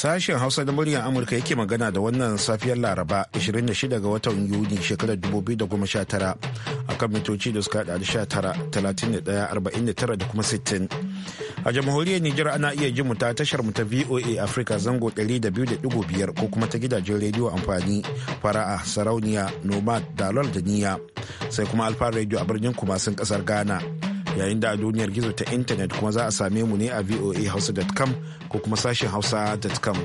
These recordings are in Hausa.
Sashen Hausa na muryar Amurka yake magana da wannan safiyar Laraba 26 ga watan Yuni shekarar 2019 kan mitoci da suka hada da 19,31,49 da kuma 60. A jamhuriyar Nijar ana iya ji mu ta tashar mu ta VOA Africa zango 200.5 ko kuma ta gidajen rediyo amfani fara'a sarauniya nomad dalol da niya sai kuma alfa rediyo a birnin kumasin kasar Ghana. yayin da a duniyar gizo ta intanet kuma za a same mu ne a voahausa.com ko kuma sashen hausa.com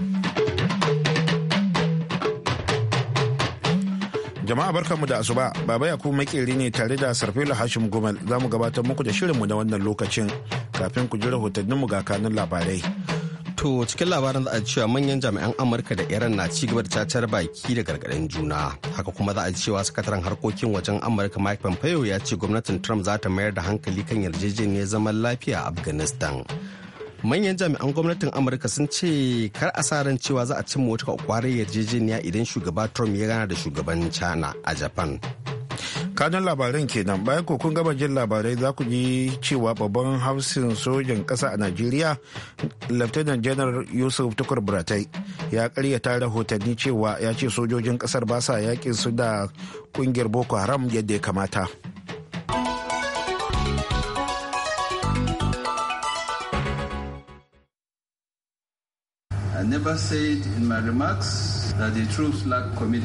jama'a barkanmu da asuba baba ya kuma makeri ne tare da sarfila hashim gumal za mu gabatar muku da shirinmu na wannan lokacin kafin ku ji rahotanninmu ga kanun labarai To cikin labaran za a cewa manyan jami'an Amurka da Iran na ci gaba da cacar baki da gargaɗin juna. Haka kuma za a cewa sakataren harkokin wajen Amurka Mike Pompeo ya ce gwamnatin Trump za ta mayar da hankali kan yarjejeniyar zaman lafiya a Afghanistan. Manyan jami'an gwamnatin Amurka sun ce kar a sa ran cewa za a cimma wata kwakwarar yarjejeniya idan shugaba Trump ya gana da shugaban China a Japan. kanun labaran kenan bayan kun gama jin labarai za ku ji cewa babban hausin sojan ƙasa a najeriya lieutenant general yusuf tukur buratai ya karyata rahotanni cewa ya ce sojojin ƙasar ba sa yakin su da ƙungiyar boko haram yadda ya kamata I never said in my remarks lutana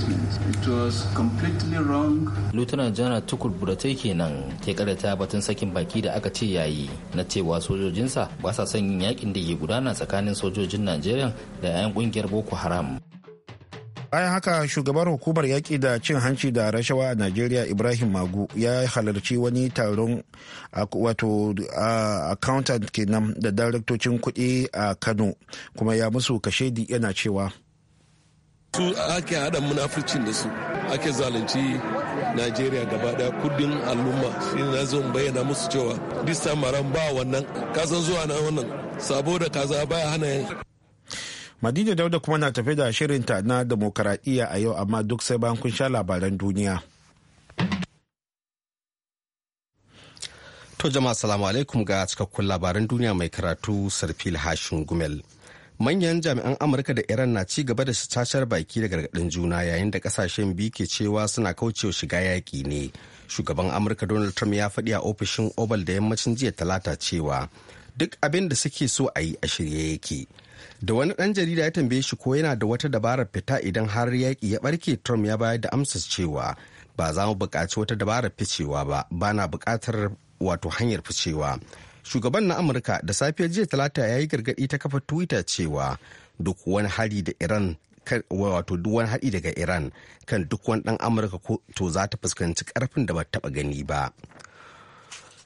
the Lieutenant Tukur Buratai kenan ke karata batun sakin baki da aka ce yayi na cewa sojojinsa ba sa son yin yakin da ke gudana tsakanin sojojin Najeriya da 'yan kungiyar Boko Haram. bayan haka shugaban hukumar yaƙi da cin hanci da rashawa a najeriya ibrahim magu ya halarci wani taron wato accountant kenan da daraktocin kuɗi a kano kuma ya musu kashedi yana cewa su ake haɗa munafurcin da su ake zalunci najeriya gaba daya kudin al'umma shi na zo bayyana musu cewa dista maran ba wannan kasan zuwa na wannan sabo kaza baya hana yin madina dauda kuma na tafe da shirinta na demokaradiyya a yau amma duk sai bayan kun sha labaran duniya to jama'a salamu alaikum ga cikakkun labaran duniya mai karatu sarfil hashin gumel manyan jami'an amurka da iran na ci gaba da cacar baki da gargadin juna yayin da kasashen biyu ke cewa suna kaucewa shiga yaƙi ne shugaban amurka donald trump ya faɗi a ofishin oval da yammacin jiya talata cewa duk abin da suke so a yi a shirye yake da wani ɗan jarida ya tambaye shi ko yana da wata dabarar fita idan har yaƙi ya ɓarke trump ya bayar da amsa cewa ba za mu buƙaci wata dabarar ficewa ba ba na buƙatar wato hanyar ficewa shugaban na amurka da safiyar jiya talata ya yi gargaɗi ta kafa twitter cewa duk wani hari da iran wato duk wani haɗi daga iran kan duk wani ɗan amurka ko to za ta fuskanci karfin da ba taɓa gani ba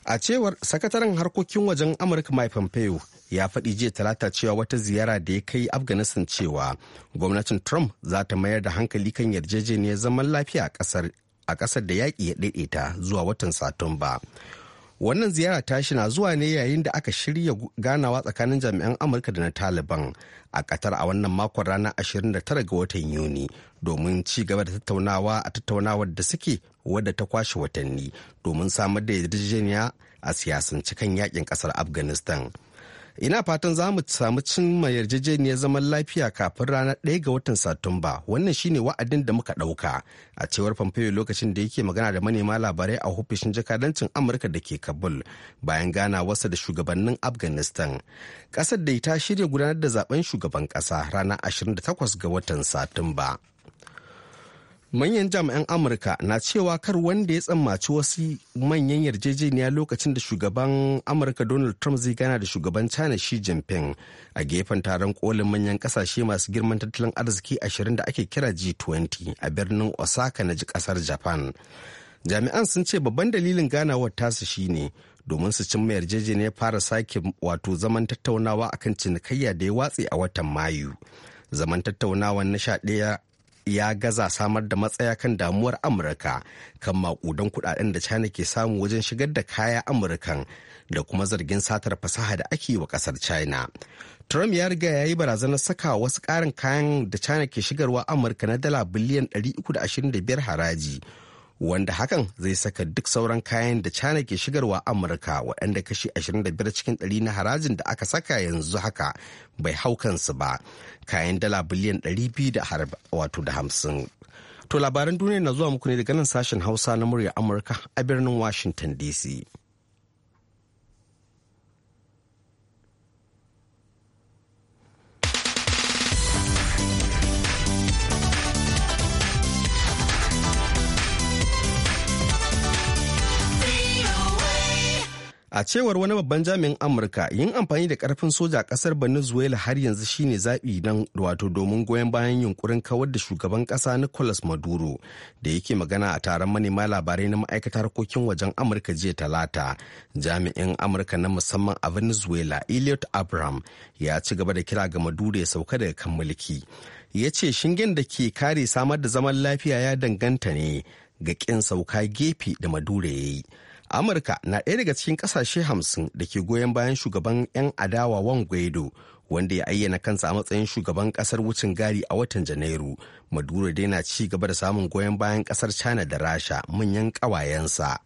a cewar sakataren harkokin wajen amurka mai pompeo ya faɗi jiya talata cewa wata ziyara da ya kai afghanistan cewa gwamnatin trump za ta mayar da hankali kan yarjejeniyar zaman lafiya a ƙasar da yaƙi ya ɗaiɗaita zuwa watan satumba wannan ziyara tashi na zuwa ne yayin da aka shirya ganawa tsakanin jami'an amurka da na taliban a katar a wannan makon ranar 29 ga watan yuni domin ci gaba da tattaunawa a tattaunawar da suke wadda ta kwashe watanni domin samar da yarjejeniya a siyasance kan yakin kasar afghanistan ina fatan za mu samu ma yarjejeniyar zaman lafiya kafin ranar ɗaya ga watan satumba wannan shine wa'adin da muka ɗauka a cewar pompeo lokacin da yake magana da manema labarai a ofishin jakadancin amurka da ke kabul bayan gana wasa da shugabannin afghanistan ƙasar da ta shirya gudanar da zaben shugaban ƙasa ranar 28 ga watan satumba. manyan jami'an amurka na cewa kar wanda ya tsammaci wasu manyan yarjejeniya lokacin da shugaban amurka donald trump zai gana da shugaban china shi jinping a gefen taron kolin manyan kasashe masu girman tattalin arziki 20 da ake kira g20 a birnin osaka na ji kasar japan jami'an sun ce babban dalilin ganawar tasu shine domin su cimma yarjejeniyar fara sake wato zaman tattaunawa akan cinikayya da ya watse a watan mayu zaman tattaunawa na sha ɗaya ya gaza samar da matsaya kan damuwar amurka kan makudan kudaden da china ke samu wajen shigar da kaya amurkan da kuma zargin satar fasaha da ake wa kasar china trump ya riga ya yi barazanar saka wasu karin kayan da china ke shigarwa amurka na dala biliyan 325 haraji wanda hakan zai saka duk sauran kayan da China ke shigarwa Amurka waɗanda kashi 25 cikin ɗari na harajin da aka saka yanzu haka bai hau kansu ba kayan dala biliyan 250. To labaran duniya na zuwa muku ne daga nan sashen Hausa na murya Amurka a birnin Washington DC. A cewar wani babban jami'in Amurka yin amfani da karfin soja a kasar Venezuela har yanzu shine zaɓi nan wato domin goyon bayan yunkurin kawar da shugaban ƙasa Nicolas Maduro da yake magana a taron manema labarai na ma'aikatar harkokin wajen Amurka jiya talata. Jami'in Amurka na musamman a Venezuela Elliot Abraham ya ci gaba da kira ga Maduro ya sauka daga kan mulki. Ya ce shingen da ke kare samar da zaman lafiya ya danganta ne ga ƙin sauka gefe da Maduro ya yi. amurka na ɗaya daga cikin ƙasashe hamsin da ke goyon bayan shugaban 'yan adawa wan guaido wanda ya ayyana kansa a matsayin shugaban ƙasar wucin gari a watan janairu maduro dai na ci gaba da samun goyon bayan ƙasar china da rasha manyan ƙawayensa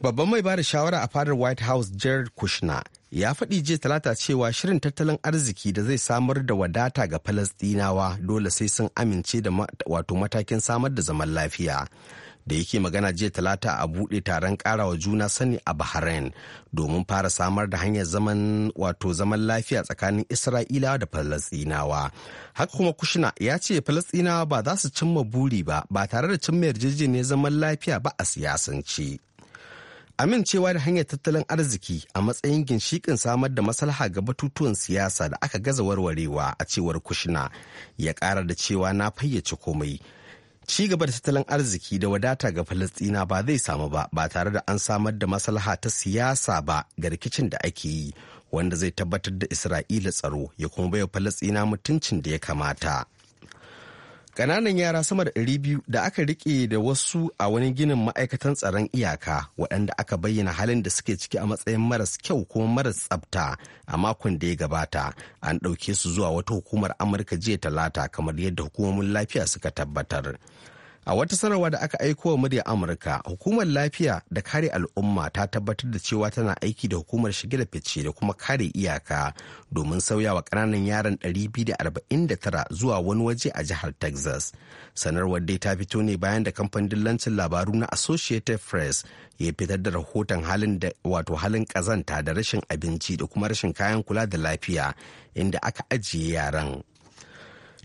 babban mai ba da shawara a fadar white house jared kushner ya faɗi jiya talata cewa shirin tattalin arziki da zai samar da wadata ga falastinawa dole sai sun amince da wato matakin samar da zaman lafiya da yake magana jiya talata a buɗe taron ƙarawa juna sani a bahrain domin fara samar da hanyar zaman wato zaman lafiya tsakanin Isra'ila da falastinawa haka kuma kushina ya ce falastinawa ba za su cimma buri ba ba tare da cimma yarjejeniyar zaman lafiya ba a siyasance amincewa da hanyar tattalin arziki a matsayin ginshikin samar da maslaha ga batutuwan siyasa da aka gaza warwarewa a cewar kushina ya ƙara da cewa na fayyace komai ci gaba da tattalin arziki da wadata ga falastina ba zai samu ba ba tare da an samar da maslaha ta siyasa ba ga rikicin da ake yi wanda zai tabbatar da isra'ila tsaro ya kuma baiwa falastina mutuncin da ya kamata kananan yara sama da ɗari biyu da aka riƙe da wasu a wani ginin ma'aikatan tsaron iyaka waɗanda aka bayyana halin da suke ciki a matsayin maras kyau kuma maras tsabta a makon da ya gabata an ɗauke su zuwa wata hukumar Amurka jiya talata kamar yadda hukumomin lafiya suka tabbatar. A wata sanarwa da aka aiko wa murya Amurka, hukumar lafiya da kare al'umma ta tabbatar da cewa tana aiki da hukumar shige da fice da kuma kare iyaka domin sauya wa ƙananan yaran 249 zuwa wani waje a jihar Texas. Sanarwar dai ta fito ne bayan da kamfanin dillancin labaru na Associated Press ya fitar da rahoton halin da wato halin kazanta da rashin abinci da kuma rashin kayan kula da lafiya inda aka ajiye yaran.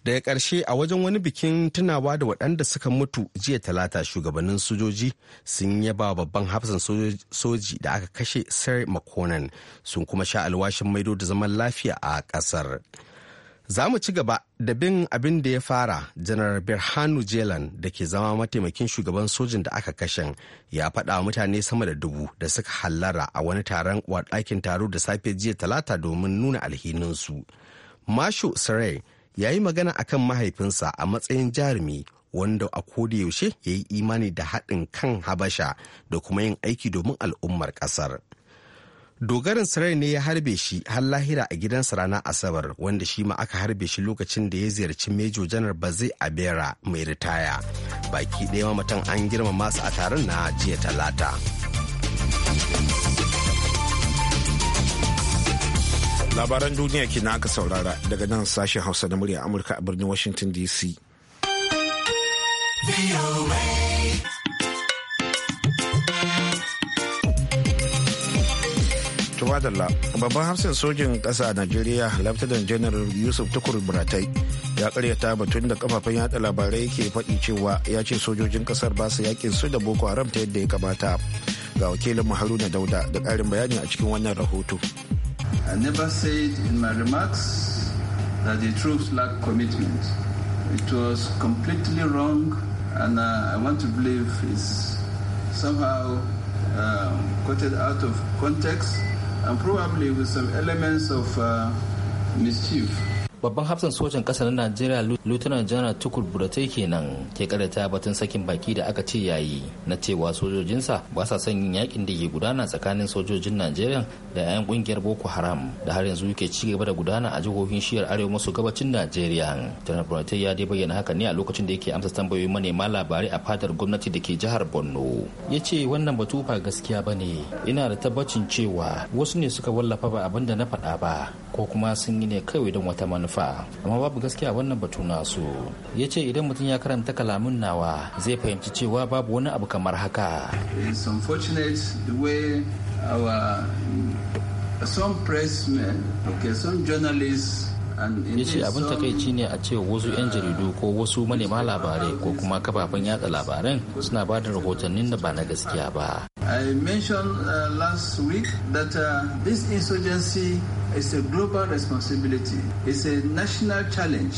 daga ƙarshe a wajen wani bikin tunawa da waɗanda suka mutu jiya talata shugabannin sojoji sun yaba babban hafsan soji da aka kashe sir mcconan sun kuma sha alwashin maido da zaman lafiya a ƙasar za mu ci gaba da bin abin da ya fara janar birhanu jelan da ke zama mataimakin shugaban sojin da aka kashen ya faɗa mutane sama da dubu da suka hallara a wani taron ɗakin taro da safe jiya talata domin nuna alhininsu mashu sarai ya yi magana a kan mahaifinsa a matsayin jarumi wanda a yaushe ya yi imani da haɗin kan habasha da kuma yin aiki domin al'ummar ƙasar. dogarin sarari ne ya harbe shi har lahira a gidansa ranar asabar wanda shi ma aka harbe shi lokacin da ya ziyarci mejo janar bazai bera mai ritaya baki ɗaya mamatan an girmama su a taron na jiya talata labaran duniya ke aka saurara daga nan sashen hausa na murya amurka a birnin washington dc Tuwadalla, babban hafsin sojin ƙasa a Najeriya, Laftadan Janar Yusuf Tukur Buratai, ya karyata batun da kafafen yada labarai ke faɗi cewa ya ce sojojin ƙasar ba su yakin su da Boko Haram ta yadda ya kamata. Ga wakilin Haruna Dauda da ƙarin bayani a cikin wannan rahoto. I never said in my remarks that the troops lack commitment. It was completely wrong, and uh, I want to believe it's somehow um, quoted out of context and probably with some elements of uh, mischief. babban hafsan sojan ƙasa na najeriya lieutenant general tukur buratai kenan ke ta batun sakin baki da aka ce yayi na cewa sojojinsa ba sa son yin yakin da ke gudana tsakanin sojojin najeriya da 'ya'yan kungiyar boko haram da har yanzu ke ci gaba da gudana a jihohin shiyar arewa maso gabacin najeriya general buratai ya dai bayyana haka ne a lokacin da yake amsa tambayoyin manema labarai a fadar gwamnati da ke jihar borno ya ce wannan batu ba gaskiya ba ne ina da tabbacin cewa wasu ne suka wallafa ba abin da na faɗa ba ko kuma sun yi ne kawai don wata manufa fa amma babu gaskiya wannan batu su. ya ce idan mutum ya karanta kalamin nawa zai fahimci cewa babu wani abu kamar haka ya ce abin takaici ne a ce wasu 'yan jaridu ko wasu manema labarai ko kuma kafafen yatsa labaran suna ba da rahotannin da ba na gaskiya ba. I mentioned uh, last week that uh, this insurgency It's a global responsibility. It's a national challenge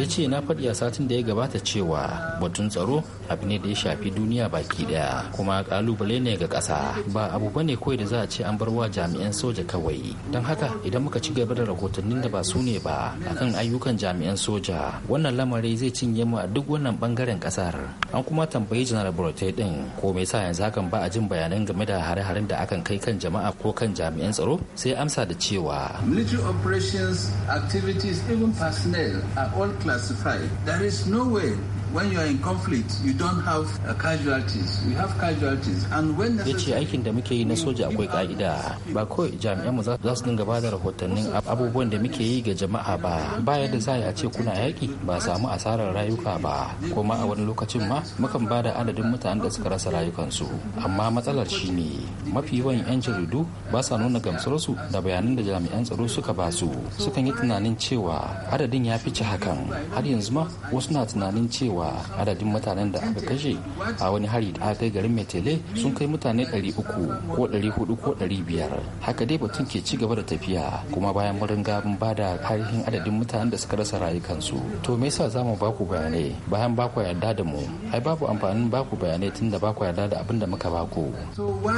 ya ce na faɗi a satin da ya gabata cewa batun tsaro abu ne da ya shafi duniya baki daya kuma kalubale ne ga ƙasa ba abu ba ne kawai da za a ce an bar wa jami'an soja kawai don haka idan muka ci gaba da rahotannin da ba su ne ba akan ayyukan jami'an soja wannan lamari zai cinye mu a duk wannan bangaren ƙasar an kuma tambayi janar burtai din ko me yasa yanzu hakan ba a jin bayanan game da hare-haren da akan kai kan jama'a ko kan jami'an tsaro sai amsa da cewa military operations activities even personnel are all classified. There is no way when you are in conflict you don't have uh, casualties we have casualties and when the ce aikin da muke yi na soja akwai ka'ida ba kawai jami'anmu za su dinga bada rahotannin abubuwan da muke yi ga jama'a ba ba yadda za a ce kuna yaƙi ba samu asarar rayuka ba kuma a wani lokacin ma mukan da adadin mutanen da suka rasa rayukansu amma matsalar shi ne mafi yawan 'yan jaridu ba sa nuna gamsarsu da bayanan da jami'an tsaro suka ba su sukan yi tunanin cewa adadin ya fi ci hakan har yanzu ma wasu na tunanin cewa adadin mutanen da aka kashe a wani hari da aka kai garin metele sun kai mutane 300 ko 400 ko 500 haka dai batun ke ci gaba da tafiya kuma bayan murin gabin ba da tarihin adadin mutanen da suka rasa rayukansu to me yasa za mu baku bayanai bayan baku yarda da mu ai babu amfanin baku bayanai tun da baku yarda da abin da muka baku ku uh,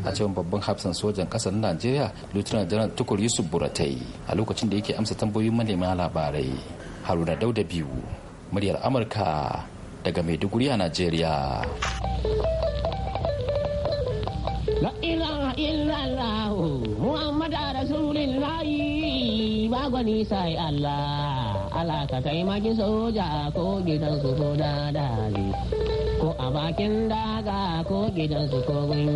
a cewa babban hafsan sojan kasar Najeriya lieutenant general tukur yusuf buratai a lokacin da yake amsa tambayoyin manema labarai haruna dauda biyu muryar amurka daga maiduguri a najeriya La ilaha illallah Muhammad Rasulullah ba gwani sai Allah Allah ka taimaki soja ko gidan su ko dadali ko a bakin daga ko gidan su ko gun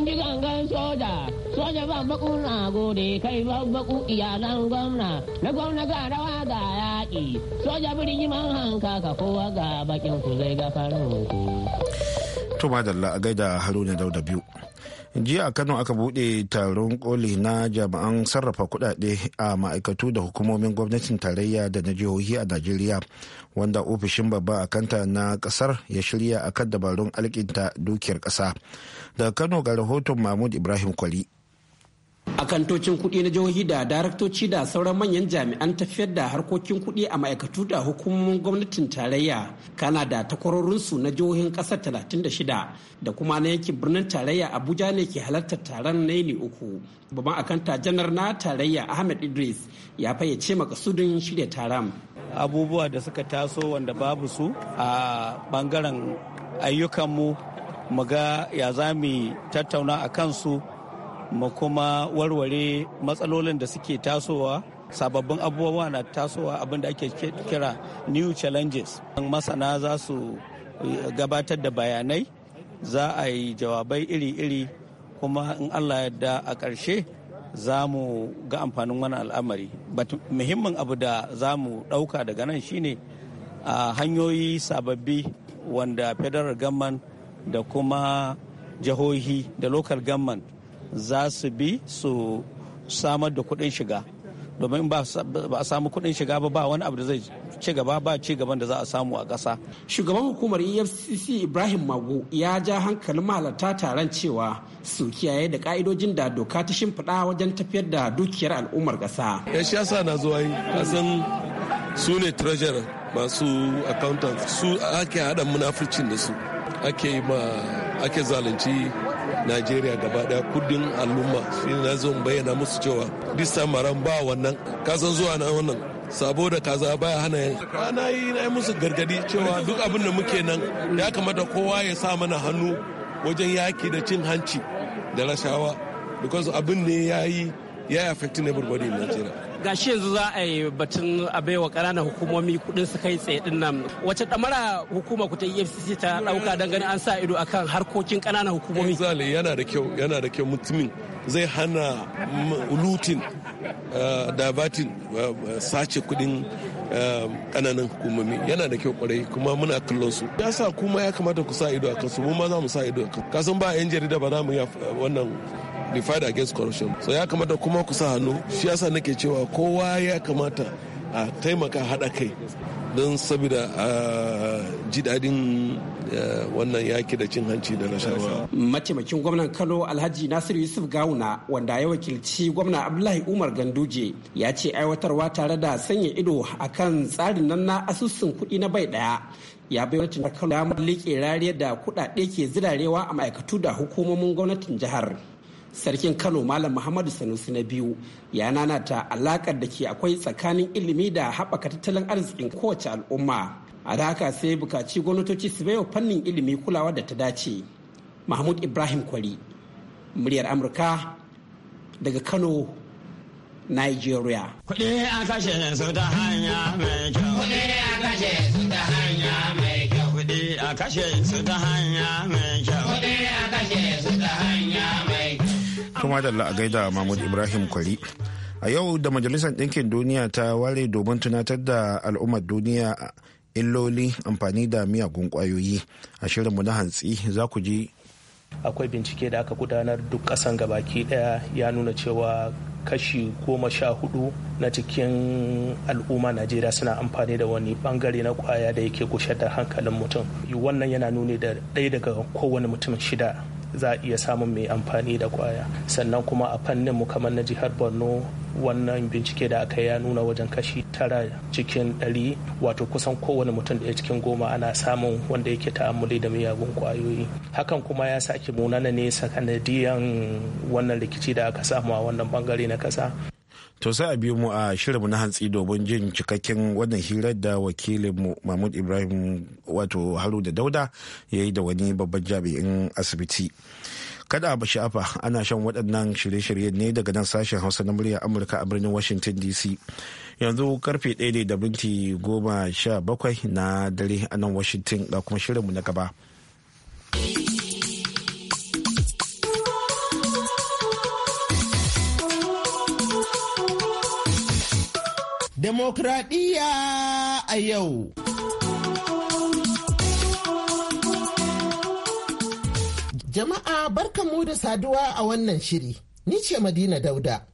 in ji gangan soja soja ba baku na gode kai ba baku iyalan gwamna na gwamna ga rawa ga yaƙi soja birni man hanka ka kowa ga bakin ku zai ga farin ku. to madalla a gaida haruna dauda biyu jiya a kano aka bude taron koli na jami'an sarrafa kudade a ma'aikatu da hukumomin gwamnatin tarayya da na jihohi a najeriya wanda ofishin babba a kanta na kasar ya shirya akan dabarun alkinta dukiyar kasa daga kano ga rahoton mahmud ibrahim kwali a kantocin kuɗi na jihohi da daraktoci da sauran manyan jami'an tafiyar da harkokin kuɗi a ma'aikatu da hukumomin gwamnatin tarayya kana da takwarorinsu na jihohin ƙasar 36 da kuma na yankin birnin tarayya abuja ne ke halartar taron na yini uku babban akanta janar na tarayya ahmed idris ya fayyace makasudin shirya taron abubuwa da suka taso wanda babu su a bangaren ayyukanmu mu ga ya za mu tattauna a kansu mu kuma warware matsalolin da suke tasowa sababbin abubuwa na tasowa abinda ake kira new challenges masana za su eh, gabatar da bayanai za a yi jawabai iri-iri kuma in allah yadda a ƙarshe za mu ga amfanin wani al'amari muhimmin abu da za mu ɗauka daga nan shine a hanyoyi sababbi wanda federal government da kuma jihohi da local government za su bi su samar da kuɗin shiga domin ba a samu kuɗin shiga ba ba wani abu da zai ci gaba ba ci gaban da za a samu a ƙasa. shugaban hukumar efcc ibrahim Magu ya ja hankalin mahalarta taron cewa su kiyaye da ka'idojin da doka ta shimfiɗa wajen tafiyar da dukiyar al'ummar ƙasa. Eh, ya shi yasa na zuwa yi kasan su ne treasurer masu accountant su ake haɗa munafurcin da su ake ma ake zalunci najeriya gaba daya kudin al'umma shi na zo bayyana musu cewa dista maran ba wannan kasan zuwa na wannan sabo da kaza baya hana yi ana yi na musu gargadi cewa duk abin da muke nan ya kamata kowa ya sa mana hannu wajen yaki da cin hanci da rashawa because abin ne ya yi ya affecting everybody in nigeria gashi yanzu za a yi batun a baiwa ƙananan hukumomi kuɗin su kai tsaye din nan wace ɗamara hukuma ku ta efcc ta ɗauka don gani an sa ido akan harkokin ƙananan hukumomi zale yana da kyau yana da kyau mutumin zai hana lutin eh, dabatin eh, sace kuɗin eh, ƙananan hukumomi yana da kyau kwarai kuma muna kallon su ya sa kuma ya kamata ku sa ido a su mu ma za mu sa ido a kasan ba yan jarida ba za mu yi wannan the fight against corruption so ya kamata kuma ku sa hannu shi yasa nake cewa kowa ya kamata a taimaka haɗa kai don saboda a ji daɗin wannan yaki da cin hanci da rashawa. Mataimakin gwamnan Kano Alhaji nasir Yusuf Gawuna wanda ya wakilci gwamna Abdullahi Umar Ganduje ya ce aiwatarwa tare da sanya ido akan tsarin nan na asusun kuɗi na bai ɗaya ya bai wacce Kano damar liƙe rariyar da kuɗaɗe ke zirarewa a ma'aikatu da hukumomin gwamnatin jihar. sarkin kano malam muhammadu sanusi na biyu ya nanata alakar da ke akwai tsakanin ilimi da haɓaka tattalin arzikin kowace al'umma a da haka sai bukaci gwamnatoci su baiwa fannin ilimi kulawa da ta dace mahmud ibrahim kwari muryar amurka daga kano nigeria kuɗi a kashe su ta hanya mai kyau kuɗi a kashe su ta hanya mai kyau kuɗi a kashe Kuma da la'agaida Mahmud Ibrahim Kwari. A yau da Majalisar Ɗinkin Duniya ta ware domin tunatar da al'ummar duniya illoli amfani da miyagun kwayoyi A shirinmu na hantsi za ku ji akwai bincike da aka gudanar duk kasan gabaki daya ya nuna cewa kashi goma sha hudu na cikin al'umma najeriya suna amfani da wani bangare na kwaya da yake gushe da hankalin mutum wannan yana nuni da ɗaya daga kowane mutum shida za a iya samun mai amfani da kwaya sannan kuma a fannin mu kamar na jihar borno wannan bincike da aka ya nuna wajen kashi tara cikin ɗari wato kusan kowane mutum da ya cikin goma ana samun wanda yake ta'ammuli da miyagun kwayoyi hakan kuma ya sake munana ne sakanadiyan wannan rikici da aka samu a wannan bangare na kasa To sai a biyo mu a shirinmu na hantsi domin jin cikakken wannan hirar da wakilinmu Mahmud Ibrahim wato Haru da Dauda ya yi da wani babban jami'in asibiti. Kada a sha'afa ana shan waɗannan shirye shiryen ne daga nan sashen Hausa na muryar Amurka a birnin Washington DC. Yanzu karfe ɗaya ne da minti goma sha bakwai na dare a nan Washington ga kuma shirin mu na gaba. Demokradiyya a yau. Jama'a barkanmu da saduwa a wannan shiri, ni ce Madina Dauda.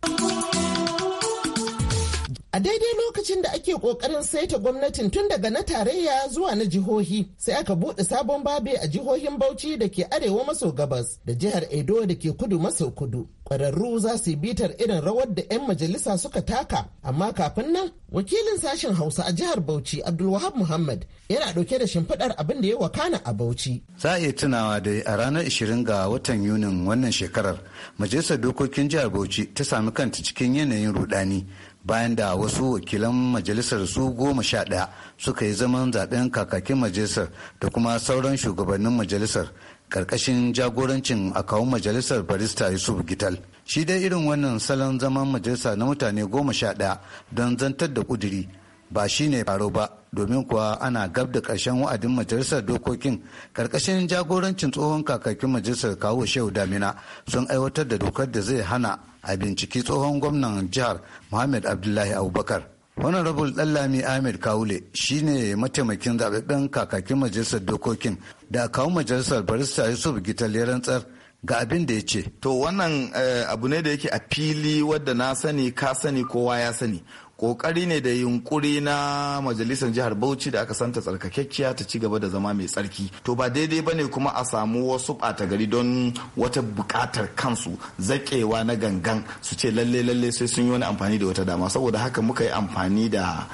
A daidai lokacin da ake ƙoƙarin saita gwamnatin tun daga na tarayya zuwa na jihohi sai aka buɗe sabon babe a jihohin Bauchi da ke arewa maso gabas da jihar Edo da ke kudu maso kudu. kwararru za su bitar irin rawar da 'yan majalisa suka taka amma kafin nan wakilin sashen hausa a jihar bauchi abdulwahab muhammad yana dauke da shimfiɗar abin da ya wakana a bauchi za a iya tunawa da a ranar 20 ga watan yunin wannan shekarar majalisar dokokin jihar bauchi ta sami kanta cikin yanayin rudani bayan da wasu wakilan majalisar su goma sha ɗaya suka yi zaman zaɓen kakakin majalisar da kuma sauran shugabannin majalisar karkashin jagorancin a akawun majalisar barista yusuf gital shi dai irin wannan salon zaman majalisa na mutane goma sha ɗaya don zantar da kuduri ba shi ne faro ba domin kuwa ana gab da ƙarshen wa'adin majalisar dokokin karkashin jagorancin tsohon kakakin majalisar kawo shehu damina sun aiwatar da dokar da zai hana a binciki tsohon gwamnan jihar muhammad abdullahi abubakar honorable dallami ahmed kawule shine mataimakin zaɓaɓɓen kakakin majalisar dokokin da kawo majalisar barista yusuf gital ya rantsar ga abin da ya ce. To wannan eh, abu ne da yake a fili wadda na sani ka sani kowa ya sani kokari ne da yunkuri na majalisar jihar bauchi da aka santa tsarkakekkiya ta ci gaba da zama mai tsarki to ba daidai ba ne kuma a samu wasu bata gari don wata buƙatar kansu zaƙewa na gangan su ce lalle lalle sai sun yi wani amfani da wata dama saboda haka muka yi amfani da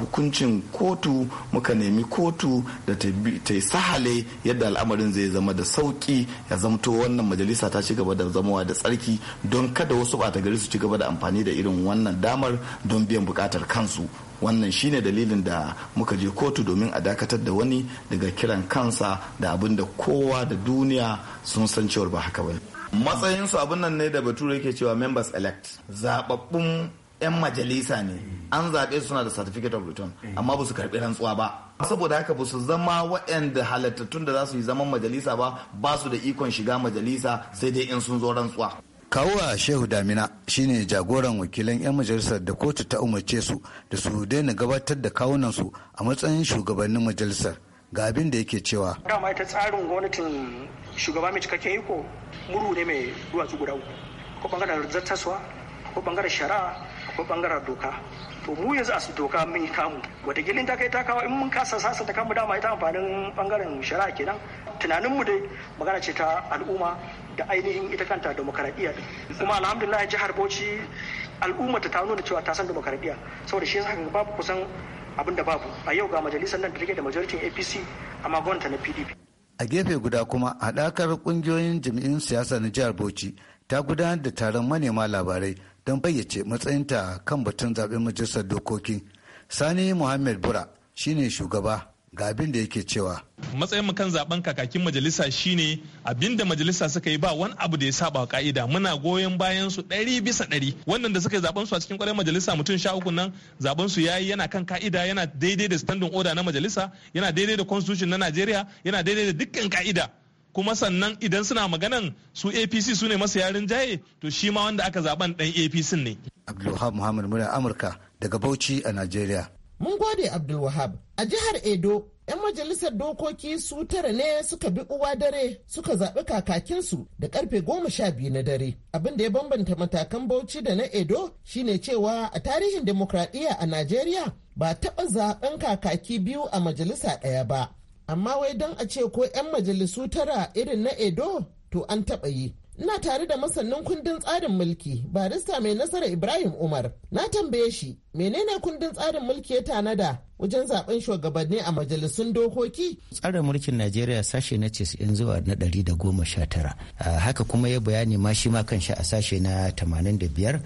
hukuncin kotu muka nemi kotu da ta yi sahale yadda al'amarin zai zama da sauki ya zamto wannan majalisa ta ci gaba da zamawa da tsarki don kada wasu bata gari su ci gaba da amfani da irin wannan damar don biyan bukatar kansu wannan shine dalilin da muka je kotu domin a dakatar da wani daga kiran kansa da abin da kowa da duniya sun san cewar ba haka ba matsayin abin nan ne da bature yake cewa members elect zababbun 'yan majalisa ne an zaɓe su suna da certificate of return amma ba su karɓi rantsuwa ba saboda haka ba su zama waɗanda halittattun da za su yi zaman majalisa ba ba su da ikon shiga majalisa sai dai in sun zo rantsuwa kawuwa shehu damina shine jagoran wakilan 'yan majalisar da kotu ta umarce su da su daina gabatar da kawunansu a matsayin shugabannin majalisar ga abin da yake cewa dama ita tsarin gwamnatin shugaba mai cikakken iko muru ne mai duwatsu guda uku ko bangaren zattaswa ko bangaren shari'a ko bangaren doka to mu yanzu a su doka mun kamu wata gilin ta kai ta kawo in mun kasa sasa ta kamu dama ita amfanin bangaren shari'a kenan tunanin mu dai magana ce ta al'umma da ainihin ita kanta demokaradiyya kuma alhamdulillah jihar Bauchi al'ummar ta nuna cewa ta san demokaradiyya saboda shi yasa babu kusan abin da babu a yau ga majalisar nan da take da majority APC amma gwamnati na PDP a gefe guda kuma haɗakar ƙungiyoyin jami'in siyasa na jihar Bauchi ta gudanar da taron manema labarai don bayyace matsayinta kan batun zaɓen majalisar dokoki sani muhammad bura shine shugaba ga abin da yake cewa matsayin mu kan zaben kakakin majalisa shine abinda majalisa suka yi ba wani abu da ya saba ka'ida muna goyon bayan su ɗari bisa ɗari wannan da suka yi zaben su a cikin kwarai majalisa mutum sha uku nan zaben su yayi yana kan ka'ida yana daidai da standing order na majalisa yana daidai da constitution na Najeriya yana daidai da dukkan ka'ida kuma sannan idan suna maganan su APC su ne masu yarin jaye to shi ma wanda aka zaben dan APC ne Abdulwahab Muhammad muna Amurka daga Bauchi a Najeriya Mun gode Abdulwahab. A jihar Edo, 'yan majalisar dokoki su tara ne suka bi uwa dare suka zaɓi kakakinsu da karfe goma sha biyu na dare. Abin da ya bambanta matakan Bauchi da na Edo shine cewa a tarihin demokradiyya a Najeriya ba taɓa zaɓen kakaki biyu a majalisa ɗaya ba. Amma wai don a ce ko 'yan majalisu tara irin na Edo to an taɓa yi. ina tare da masannin kundin tsarin mulki barista mai nasara ibrahim umar na tambaye shi menene kundin tsarin mulki ya tanada wajen zaben shugabanni a majalisun dokoki tsarin mulkin najeriya sashe na in zuwa na ɗari da goma sha tara ah, haka kuma ya bayani ma shi ma kan sha a sashe na tamanin da biyar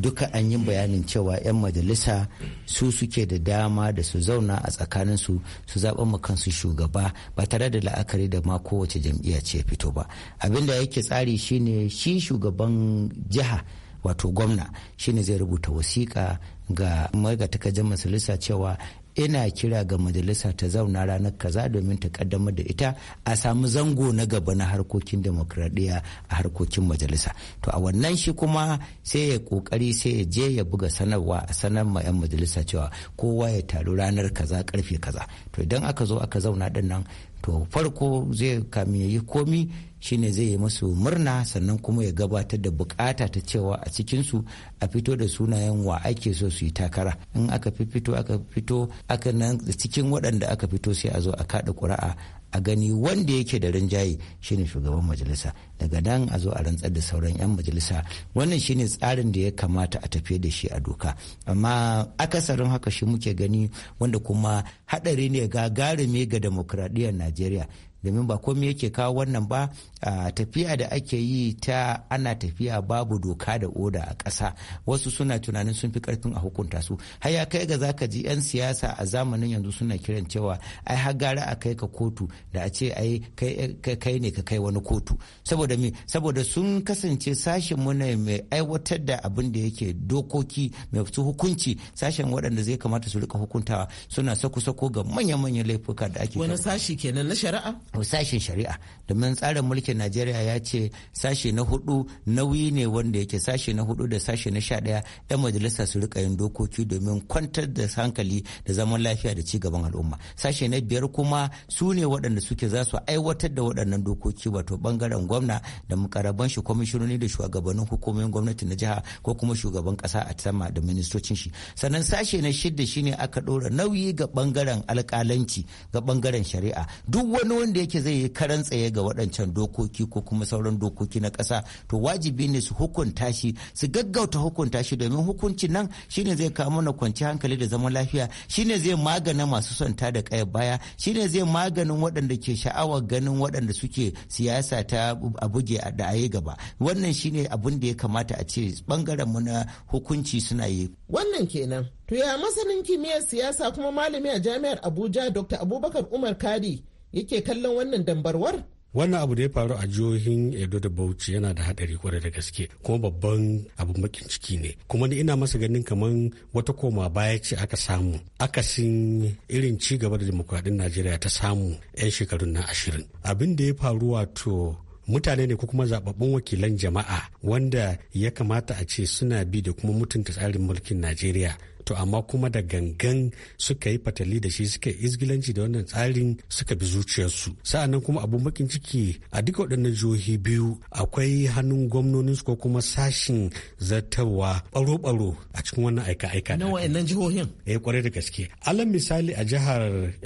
duka an yi bayanin cewa 'yan majalisa su suke da dama da su zauna a tsakanin su su zaɓen kansu shugaba ba tare da la'akari da ma kowace jam'iyya ce fito ba abin da yake tsari shine shi shugaban jiha wato gwamna shine zai rubuta wasiƙa ga magatakajin majalisa cewa ina kira ga majalisa ta zauna ranar kaza domin ta kaddamar da ita a samu zango na gaba na harkokin demokradiyya a harkokin majalisa to a wannan shi kuma sai ya kokari sai ya je ya buga sanarwa a sanar ma 'yan majalisa cewa kowa ya taru ranar kaza karfe kaza to idan aka zo aka zauna din nan to farko zai kamin yi komi shine zai yi masu murna sannan kuma ya gabatar da bukata ta cewa a cikinsu a fito da sunayen wa ake so su yi takara in aka fito aka fito aka nan cikin waɗanda aka fito sai a zo a kaɗa ƙuri'a a gani wanda yake da rinjaye shine shugaban majalisa daga nan a zo a rantsar da sauran 'yan majalisa wannan shine tsarin da ya kamata a tafi da shi a doka amma akasarin haka shi muke gani wanda kuma hadari ne gagarumi ga demokradiyyar najeriya domin ba komai yake kawo wannan ba a tafiya da ake yi ta ana tafiya babu doka da oda a ƙasa wasu suna tunanin sun fi karfin a hukunta su har ya kai ga zaka ji 'yan siyasa a zamanin yanzu suna kiran cewa ai har gara a kai ka kotu da a ce ai kai ne ka kai wani kotu saboda me saboda sun kasance sashen mu ne mai aiwatar da abin da yake dokoki mai su hukunci sashen waɗanda zai kamata su rika hukuntawa suna sako-sako ga manya-manyan laifuka da ake wani sashi kenan na shari'a sashen shari'a domin tsarin mulkin najeriya ya ce sashe na hudu nauyi ne wanda yake sashe na hudu da sashe na sha daya yan majalisa su rika yin dokoki domin kwantar da hankali da zaman lafiya da cigaban al'umma sashe na biyar kuma su ne waɗanda suke za su aiwatar da waɗannan dokoki wato bangaren gwamna da mukarraban shi kwamishinoni da shugabannin hukumomin gwamnati na jiha ko kuma shugaban kasa a sama da ministocin shi sannan sashe na shida shine aka ɗora nauyi ga bangaren alƙalanci ga bangaren shari'a duk wani wanda da yake zai yi karan tsaye ga waɗancan dokoki ko kuma sauran dokoki na ƙasa to wajibi ne su hukunta shi su gaggauta hukunta shi domin hukunci nan shine zai kawo mana kwanci hankali da zaman lafiya shine zai magana masu son da kaya baya shine zai maganin waɗanda ke sha'awar ganin waɗanda suke siyasa ta a buge da yi gaba wannan shine abin da ya kamata a ce bangaren mu na hukunci suna yi wannan kenan to ya masanin kimiyyar siyasa kuma malami a jami'ar abuja dr abubakar umar kadi. yake kallon wannan dambarwar? wannan abu da ya faru a jihohin edo da bauchi yana da hadari kwarai da gaske kuma babban abin makin ciki ne kuma ni ina masa ganin kamar wata koma baya ce aka samu akasin irin ci gaba da demokradin najeriya ta samu 'yan shekarun na ashirin abin da ya faru wato mutane ne ko kuma zababbun wakilan jama'a wanda ya kamata a ce suna bi da kuma mutunta tsarin mulkin najeriya to amma kuma da gangan suka yi fatali da shi suka izgilanci da wannan tsarin suka bi zuciyarsu sa'annan kuma abun bakin ciki a duka waɗannan jihohi biyu akwai hannun gwamnonin su ko kuma sashin zartarwa baro-baro a cikin wannan aika-aika na wa'annan jihohin eh kwarai da gaske alal misali a jihar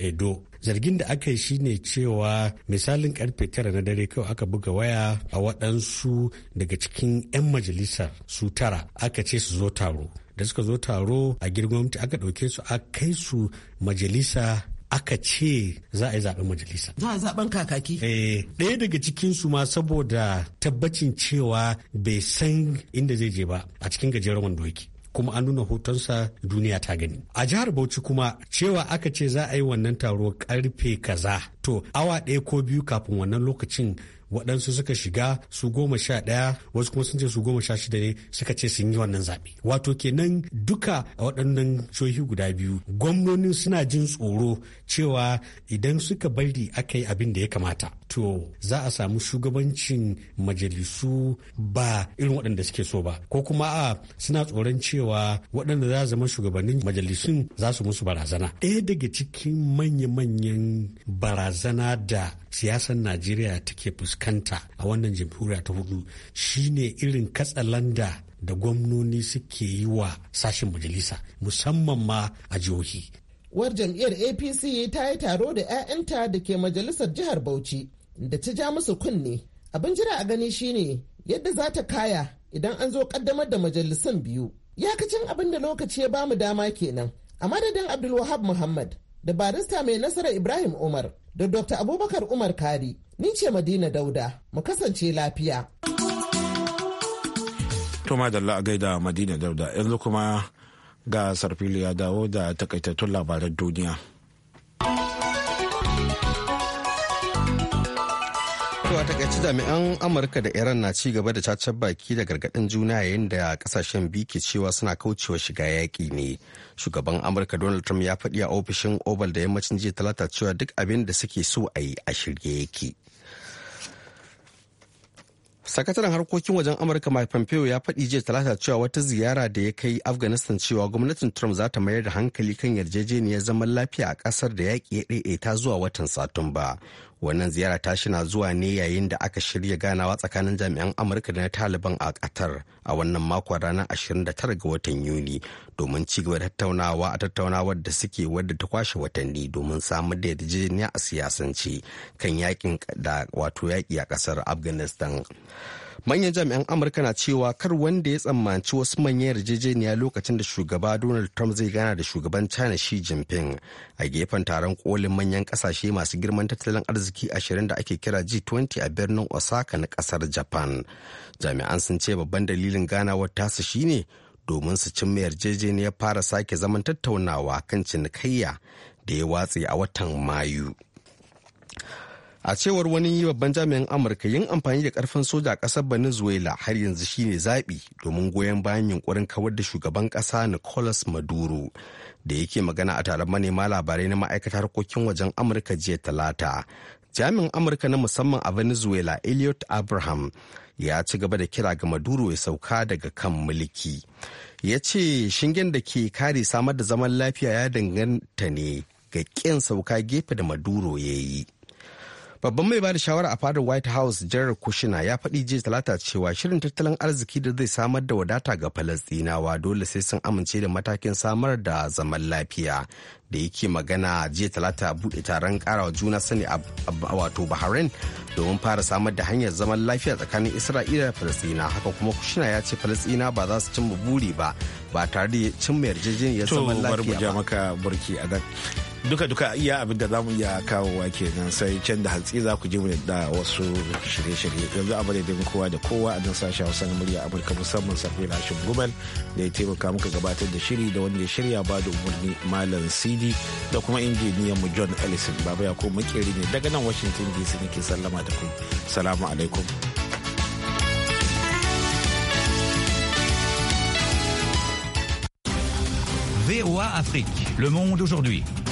edo zargin da aka yi shine cewa misalin karfe tara na dare kawai aka buga waya a waɗansu daga cikin 'yan majalisar su tara aka ce su zo taro da suka zo taro a gwamnati aka ɗauke su a kai su majalisa aka ce za a yi zaben majalisa. Za a zaben kakaki? Eh, ɗaya daga cikinsu ma saboda tabbacin cewa bai san inda zai je ba a cikin gajeren wando yake. kuma an nuna hotonsa duniya ta gani. A jihar Bauchi kuma cewa aka ce za a yi wannan taro karfe kaza. To awa ɗaya ko biyu kafin wannan lokacin waɗansu suka shiga su goma sha ɗaya wasu kuma sun ce su goma sha shida ne suka ce sun yi wannan zaɓe wato kenan duka a waɗannan jihohi guda biyu gwamnonin suna jin tsoro cewa idan suka bari aka yi abin da ya kamata to za a samu shugabancin majalisu ba irin waɗanda suke so ba ko kuma a suna tsoron cewa waɗanda za zama shugabannin majalisun za su musu barazana ɗaya daga cikin manya-manyan barazana da siyasar najeriya take fuskanta a wannan jamhuriya ta hudu shine irin katsalanda da gwamnoni suke yi wa sashen majalisa musamman ma a jihohi war jam'iyyar apc ta yi taro da 'ya'yanta da ke majalisar jihar bauchi da ta ja musu kunne abin jira a gani shine yadda za ta kaya idan an zo kaddamar da majalisan biyu yakacin abin da lokaci ya bamu dama kenan a madadin abdulwahab muhammad da barista mai nasara Ibrahim Umar da Dr. Abubakar Umar Kari. Ni ce Madina Dauda, mu kasance lafiya. Toma da gaida da Madina Dauda, yanzu kuma ga Sarfili ya dawo da takaitattun labaran duniya. ci jami'an amurka da iran na ci gaba da cacar baki da gargaɗin juna yayin da kasashen biyu ke cewa suna kaucewa shiga yaƙi ne shugaban amurka donald trump ya faɗi a ofishin oval da yammacin jiya talata cewa duk abin da suke so a yi a shirye yake sakataren harkokin wajen amurka mike pompeo ya faɗi jiya talata cewa wata ziyara da ya kai afghanistan cewa gwamnatin trump za ta mayar da hankali kan yarjejeniyar zaman lafiya a ƙasar da yaƙi ya ɗaiɗaita zuwa watan satumba wannan ziyara ta na zuwa ne yayin da aka shirya ganawa tsakanin jami'an amurka da na taliban a qatar a wannan makon ranar 29 ga watan yuni domin cigaba da tattaunawa a tattaunawar da suke wadda ta kwashe watanni domin samun da yarjejeniya a siyasance kan yakin da wato yaki a kasar afghanistan manyan jami'an amurka na cewa kar wanda ya tsammanci wasu manyan yarjejeniya lokacin da shugaba donald trump zai gana da shugaban china shi jinping a gefen taron kolin manyan kasashe masu girman tattalin arziki ashirin da ake kira g20 a birnin osaka na kasar japan jami'an sun ce babban dalilin ganawar tasu shine domin su cimma yarjejeniyar fara sake zaman tattaunawa kan cinikayya da ya watse a watan mayu. a cewar wani babban jami'in amurka yin amfani da karfin soja a ƙasar venezuela har yanzu shine zaɓi domin goyon bayan yunkurin kawar da shugaban ƙasa nicolas maduro da yake magana a taron manema labarai na ma'aikatar harkokin wajen amurka jiya talata jami'in amurka na musamman a venezuela elliot abraham ya ci gaba da kira ga maduro ya sauka daga kan mulki ya ce shingen da ke kare samar da zaman lafiya ya danganta ne ga ƙin sauka gefe da maduro ya yi Babban mai bada shawara a fadar White House jerry kushina ya faɗi jiya talata cewa shirin tattalin arziki da zai samar da wadata ga Falasɗinawa dole sai sun amince da matakin samar da zaman lafiya. Da yake magana jiya talata buɗe taron karawa juna sani a wato Bahrain domin fara samar da hanyar zaman lafiya tsakanin Isra'ila da falastina Haka kuma kushina ya ce falastina ba za su cimma buri ba ba tare da cimma yarjejeniyar zaman lafiya ba. duka-duka iya abin da zamu iya kawowa kenan sai can da hatsi za ku ji mu da wasu shirye-shirye yanzu a madadin kowa da kowa a nan sashen hausa na murya amurka musamman safi rashin gumal da ya taimaka muka gabatar da shiri da wanda ya shirya ba da umarni malam Sidi da kuma injiniyan mu john ellison baba ya ko makeri ne daga nan washington dc nake sallama da ku salamu alaikum VOA Afrique. Le monde aujourd'hui.